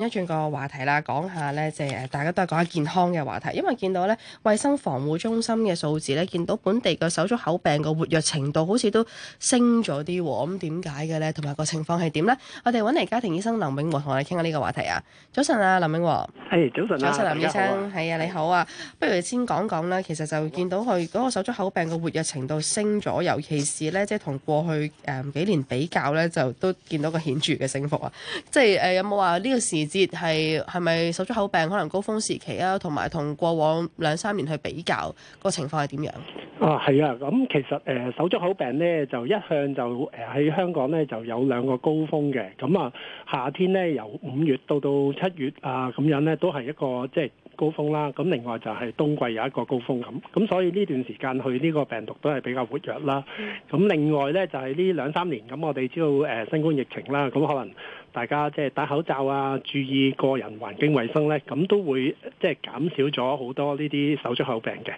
一轉個話題啦，講下咧，即係誒，大家都係講下健康嘅話題，因為見到咧衛生防護中心嘅數字咧，見到本地個手足口病個活躍程度好似都升咗啲喎，咁點解嘅咧？同埋個情況係點咧？我哋搵嚟家庭醫生林永和同我哋傾下呢個話題啊。早晨啊，林永和。係早晨啊。早晨，林醫生。係啊，啊，你好啊。不如先講講啦，其實就見到佢嗰個手足口病個活躍程度升咗，尤其是咧，即係同過去誒、呃、幾年比較咧，就都見到個顯著嘅升幅啊。即係誒、呃呃，有冇話呢個事？節係係咪手足口病可能高峰時期啊？同埋同過往兩三年去比較個情況係點樣？啊係啊，咁其實誒手足口病咧就一向就誒喺香港咧就有兩個高峰嘅。咁啊夏天咧由五月到到七月啊咁樣咧都係一個即係高峰啦。咁另外就係冬季有一個高峰咁。咁所以呢段時間去呢個病毒都係比較活躍啦。咁另外咧就係呢兩三年咁我哋知道誒新冠疫情啦，咁可能，大家即係戴口罩啊，注意個人環境衛生呢，咁都會即係減少咗好多呢啲手足口病嘅。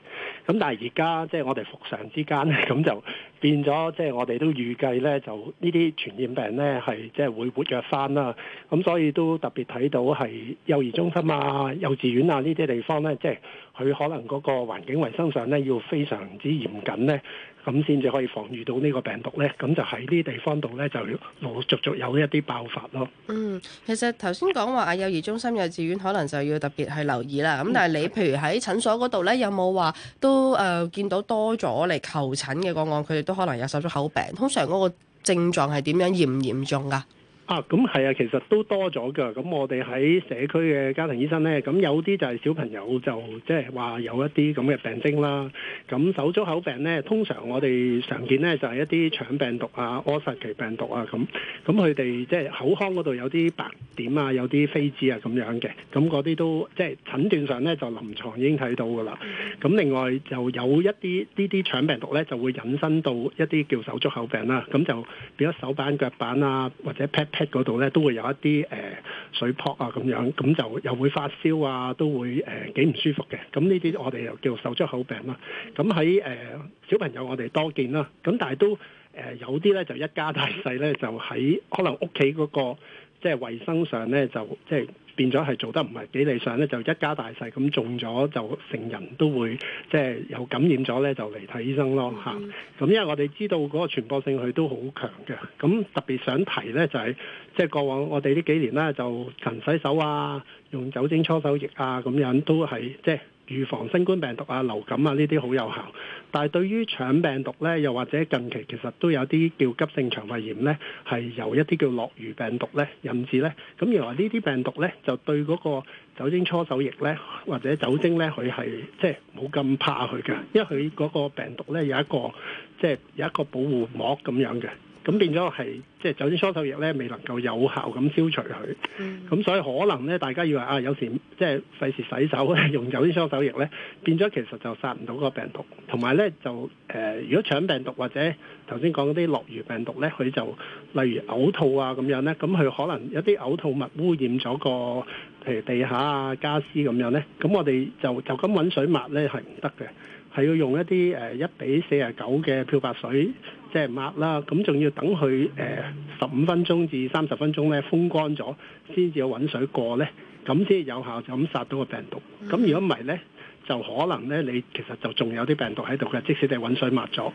咁但係而家即係我哋復常之間，咁就變咗即係我哋都預計呢，就呢啲傳染病呢係即係會活躍翻啦。咁所以都特別睇到係幼兒中心啊、幼稚園啊呢啲地方呢，即係佢可能嗰個環境衛生上呢，要非常之嚴謹呢。咁先至可以防禦到呢個病毒呢，咁就喺呢地方度呢，就陸陸續續有一啲爆發咯。嗯，其實頭先講話啊，幼兒中心、幼稚園可能就要特別去留意啦。咁但係你譬如喺診所嗰度呢，有冇話都誒、呃、見到多咗嚟求診嘅個案，佢哋都可能有手足口病。通常嗰個症狀係點樣嚴唔嚴重㗎？啊，咁係啊，其實都多咗㗎。咁我哋喺社區嘅家庭醫生咧，咁有啲就係小朋友就即係話有一啲咁嘅病徵啦。咁手足口病咧，通常我哋常見咧就係一啲腸病毒啊、柯薩奇病毒啊咁。咁佢哋即係口腔嗰度有啲白點啊、有啲痱滋啊咁樣嘅。咁嗰啲都即係診斷上咧就臨床已經睇到㗎啦。咁另外就有一啲呢啲腸病毒咧就會引申到一啲叫手足口病啦。咁、啊、就變咗手板腳板啊，或者嗰度咧都會有一啲誒、呃、水泡啊咁樣，咁就又會發燒啊，都會誒幾唔舒服嘅。咁呢啲我哋又叫做手足口病啦。咁喺誒小朋友我哋多見啦。咁但係都誒、呃、有啲咧就一家大細咧就喺可能屋企嗰個即係衞生上咧就即係。即係變咗係做得唔係幾理想咧，就一家大細咁中咗就成人都會即係、就是、有感染咗咧，就嚟睇醫生咯嚇。咁、嗯、因為我哋知道嗰個傳播性佢都好強嘅，咁特別想提咧就係即係過往我哋呢幾年咧就勤洗手啊，用酒精搓手液啊，咁樣都係即係。就是預防新冠病毒啊、流感啊呢啲好有效，但係對於腸病毒呢，又或者近期其實都有啲叫急性腸胃炎呢，係由一啲叫諾如病毒呢引致呢。咁原來呢啲病毒呢，就對嗰個酒精搓手液呢，或者酒精呢，佢係即係冇咁怕佢嘅，因為佢嗰個病毒呢，有一個即係有一個保護膜咁樣嘅，咁變咗係。即係酒精搓手液咧，未能夠有效咁消除佢。咁所以可能咧，大家要話啊，有時即係費事洗手咧，用酒精搓手液咧，變咗其實就殺唔到個病毒。同埋咧，就誒，如果腸病毒或者頭先講嗰啲鱷魚病毒咧，佢就例如嘔吐啊咁樣咧，咁佢可能有啲嘔吐物污染咗個譬如地下啊家私咁樣咧，咁我哋就就咁揾水抹咧係唔得嘅，係要用一啲誒一比四十九嘅漂白水即係抹啦，咁仲要等佢誒。十五分鐘至三十分鐘咧，風乾咗先至有滾水過咧，咁先有效就咁殺到個病毒。咁如果唔係咧，就可能咧你其實就仲有啲病毒喺度嘅，即使你滾水抹咗，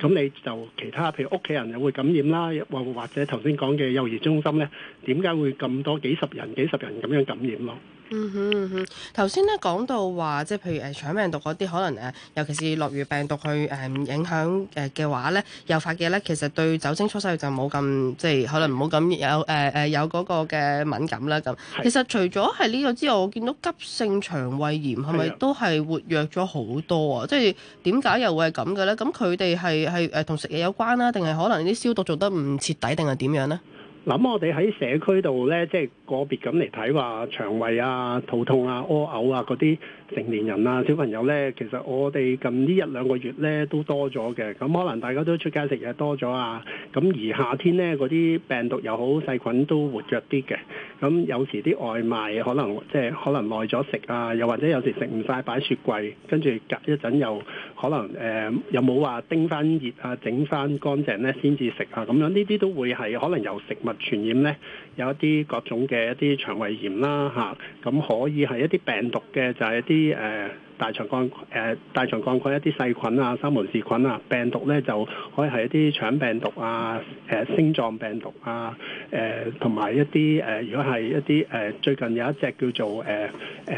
咁你就其他譬如屋企人又會感染啦，或或者頭先講嘅幼兒中心咧，點解會咁多幾十人、幾十人咁樣感染咯？嗯哼嗯哼，頭先咧講到話，即係譬如誒腸、呃、病毒嗰啲，可能誒，尤其是諾如病毒去誒，唔、呃、影響誒嘅話咧，又發嘅咧，其實對酒精搓洗就冇咁，即係可能冇咁有誒誒、呃、有嗰個嘅敏感啦。咁其實除咗係呢個之外，我見到急性腸胃炎係咪的都係活躍咗好多、呃、啊？即係點解又會係咁嘅咧？咁佢哋係係誒同食嘢有關啦，定係可能啲消毒做得唔徹底，定係點樣咧？咁我哋喺社區度呢，即係個別咁嚟睇話腸胃啊、肚痛啊、屙嘔啊嗰啲成年人啊、小朋友呢，其實我哋近呢一兩個月呢都多咗嘅。咁可能大家都出街食嘢多咗啊。咁而夏天呢，嗰啲病毒又好細菌都活躍啲嘅。咁有時啲外賣可能即係可能耐咗食啊，又或者有時食唔晒擺雪櫃，跟住隔一陣又可能誒、呃、又冇話叮翻熱啊、整翻乾淨呢先至食啊。咁樣呢啲都會係可能有食物傳染咧，有一啲各種嘅一啲腸胃炎啦嚇，咁、啊、可以係一啲病毒嘅就係、是、一啲誒、呃、大腸桿誒、呃、大腸桿菌一啲細菌啊、沙門氏菌啊、病毒咧，就可以係一啲腸病毒啊、誒、啊、星狀病毒啊、誒同埋一啲誒、啊、如果係一啲誒、啊、最近有一隻叫做誒誒。啊啊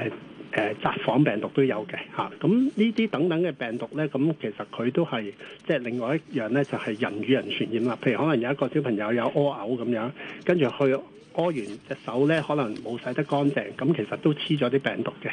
誒，札幌、呃、病毒都有嘅嚇，咁呢啲等等嘅病毒呢，咁其實佢都係即係另外一樣呢，就係、是、人與人傳染啦。譬如可能有一個小朋友有屙嘔咁樣，跟住去屙完隻手呢，可能冇洗得乾淨，咁其實都黐咗啲病毒嘅，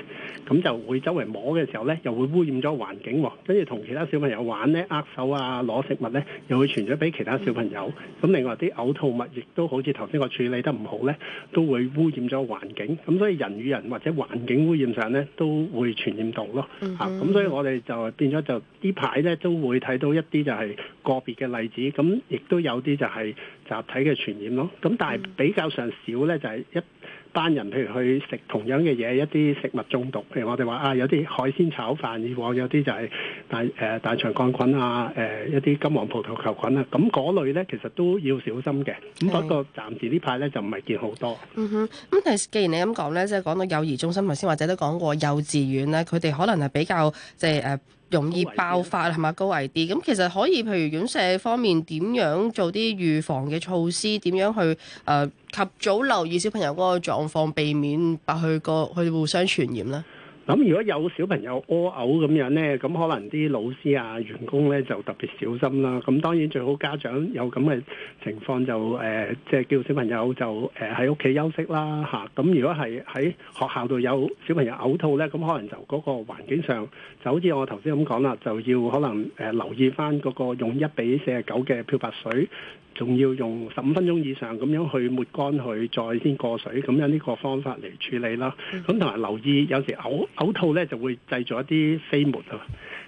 咁就會周圍摸嘅時候呢，又會污染咗環境、啊，跟住同其他小朋友玩呢，握手啊、攞食物呢，又會傳咗俾其他小朋友。咁另外啲嘔吐物亦都好似頭先我處理得唔好呢，都會污染咗環境。咁所以人與人或者環境污染上咧都會傳染到咯，啊、嗯，咁所以我哋就變咗就呢排咧都會睇到一啲就係個別嘅例子，咁亦都有啲就係集體嘅傳染咯，咁但係比較上少咧就係一。 班人譬如去食同樣嘅嘢，一啲食物中毒，譬如我哋話啊，有啲海鮮炒飯以往有啲就係大誒、呃、大腸桿菌啊，誒、呃、一啲金黃葡萄球菌啊，咁嗰類呢其實都要小心嘅。咁不過暫時呢排呢，就唔係見好多。嗯哼，咁但係既然你咁講呢，即係講到幼兒中心，頭先或者都講過幼稚園呢，佢哋可能係比較即係、就是 uh, 容易爆發係咪高危啲？咁其實可以，譬如院舍方面點樣做啲預防嘅措施？點樣去誒、呃、及早留意小朋友嗰個狀況，避免白去個去互相傳染咧。咁如果有小朋友屙嘔咁樣呢，咁可能啲老師啊、員工呢就特別小心啦。咁當然最好家長有咁嘅情況就誒，即、呃、係、就是、叫小朋友就誒喺屋企休息啦，嚇、啊。咁如果係喺學校度有小朋友嘔吐呢，咁可能就嗰個環境上就好似我頭先咁講啦，就要可能誒留意翻嗰個用一比四十九嘅漂白水，仲要用十五分鐘以上咁樣去抹乾佢，再先過水，咁樣呢個方法嚟處理啦。咁同埋留意有時嘔。手套咧就會製造一啲飛沫啊，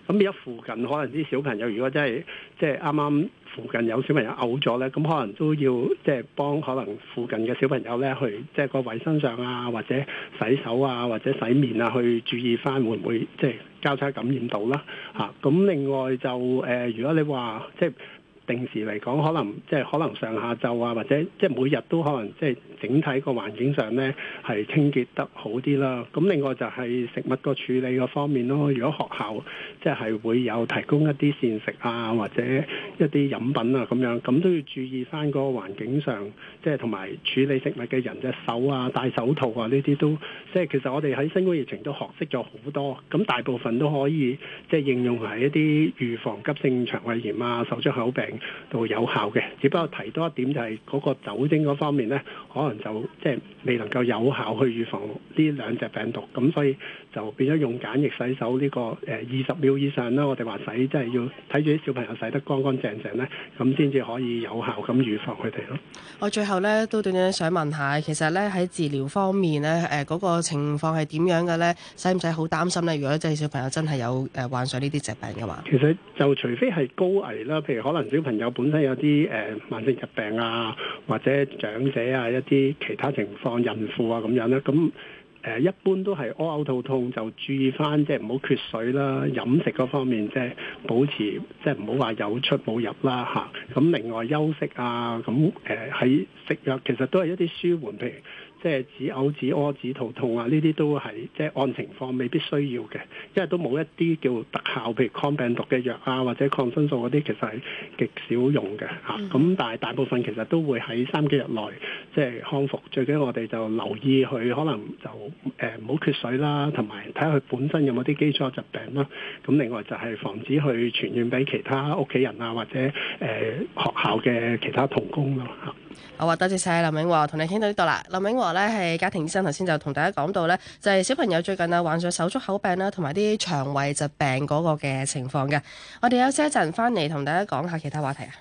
咁而家附近可能啲小朋友如果真係即係啱啱附近有小朋友嘔咗咧，咁可能都要即係幫可能附近嘅小朋友咧去即係、就是、個衞生上啊，或者洗手啊，或者洗面啊，去注意翻會唔會即係交叉感染到啦？嚇、啊！咁另外就誒、呃，如果你話即係。就是定時嚟講，可能即係可能上下晝啊，或者即係每日都可能即係整體個環境上咧係清潔得好啲啦。咁另外就係食物個處理個方面咯。如果學校即係會有提供一啲膳食啊，或者一啲飲品啊咁樣，咁都要注意翻個環境上，即係同埋處理食物嘅人隻手啊、戴手套啊呢啲都即係其實我哋喺新冠疫情都學識咗好多。咁大部分都可以即係應用喺一啲預防急性腸胃炎啊、手足口病。到有效嘅，只不過提多一點就係嗰個酒精嗰方面呢，可能就即係、就是、未能夠有效去預防呢兩隻病毒，咁所以就變咗用簡易洗手呢，這個誒二十秒以上啦。我哋話洗即係、就是、要睇住啲小朋友洗得乾乾淨淨呢，咁先至可以有效咁預防佢哋咯。我最後呢，都短短想問下，其實呢喺治療方面呢，誒、呃、嗰、那個情況係點樣嘅呢？使唔使好擔心呢？如果即係小朋友真係有誒患上呢啲疾病嘅話，其實就除非係高危啦，譬如可能朋友本身有啲誒慢性疾病啊，或者長者啊，一啲其他情況，孕婦啊咁樣咧，咁誒一般都係屙、嘔、肚痛就注意翻，即係唔好缺水啦，飲食嗰方面即係保持，即係唔好話有出冇入啦吓。咁另外休息啊，咁誒喺食藥其實都係一啲舒緩，譬如。即係止嘔止屙止肚痛啊！呢啲都係即係按情況未必需要嘅，因為都冇一啲叫特效，譬如抗病毒嘅藥啊，或者抗生素嗰啲，其實係極少用嘅嚇。咁、嗯啊、但係大部分其實都會喺三幾日內即係康復。最緊要我哋就留意佢可能就唔好、呃、缺水啦，同埋睇下佢本身有冇啲基礎疾病啦。咁另外就係防止佢傳染俾其他屋企人啊，或者誒、呃、學校嘅其他童工咯嚇。好啊，多謝晒林永和，同你傾到呢度啦，林永和。咧係家庭醫生，頭先就同大家講到咧，就係小朋友最近啊患上手足口病啦，同埋啲腸胃疾病嗰個嘅情況嘅。我哋休息一陣翻嚟同大家講下其他話題啊。